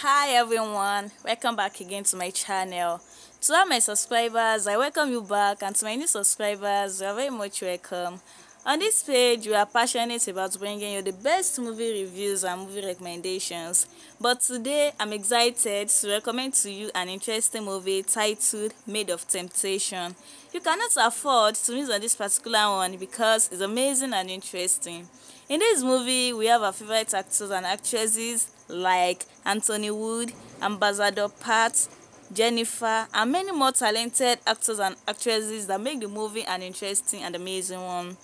hi everyone welcome back again to my channel to all my subscribers i welcome you back and to my new subscribers you are very much welcome on this page, we are passionate about bringing you the best movie reviews and movie recommendations. But today, I'm excited to recommend to you an interesting movie titled Made of Temptation. You cannot afford to miss on this particular one because it's amazing and interesting. In this movie, we have our favorite actors and actresses like Anthony Wood, Ambassador Pat, Jennifer, and many more talented actors and actresses that make the movie an interesting and amazing one.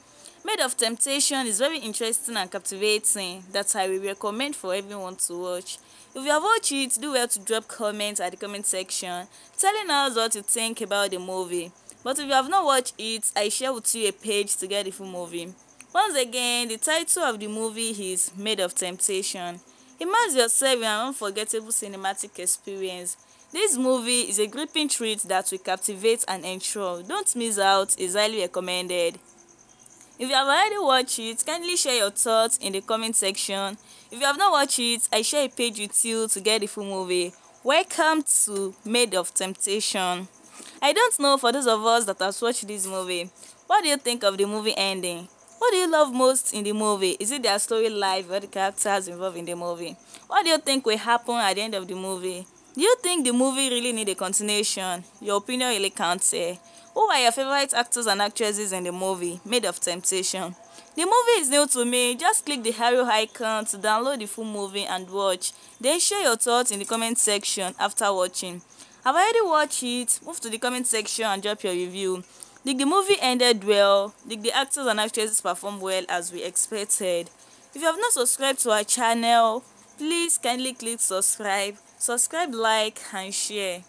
Made of Temptation is very interesting and captivating That's why we recommend for everyone to watch. If you have watched it, do well to drop comments at the comment section telling us what you think about the movie. But if you have not watched it, I share with you a page to get the full movie. Once again, the title of the movie is Made of Temptation. Imagine yourself in an unforgettable cinematic experience. This movie is a gripping treat that will captivate and enthrall. Don't miss out, it's highly recommended. If you have already watched it, kindly share your thoughts in the comment section. If you have not watched it, I share a page with you to get the full movie. Welcome to Made of Temptation. I don't know for those of us that have watched this movie, what do you think of the movie ending? What do you love most in the movie? Is it their story life or the characters involved in the movie? What do you think will happen at the end of the movie? Do you think the movie really need a continuation? Your opinion really counts here. Eh? Who are your favorite actors and actresses in the movie, Made of Temptation? The movie is new to me. Just click the arrow icon to download the full movie and watch. Then share your thoughts in the comment section after watching. Have already watched it? Move to the comment section and drop your review. Did the movie ended well? Did the actors and actresses perform well as we expected? If you have not subscribed to our channel, please kindly click subscribe. Subscribe, like and share.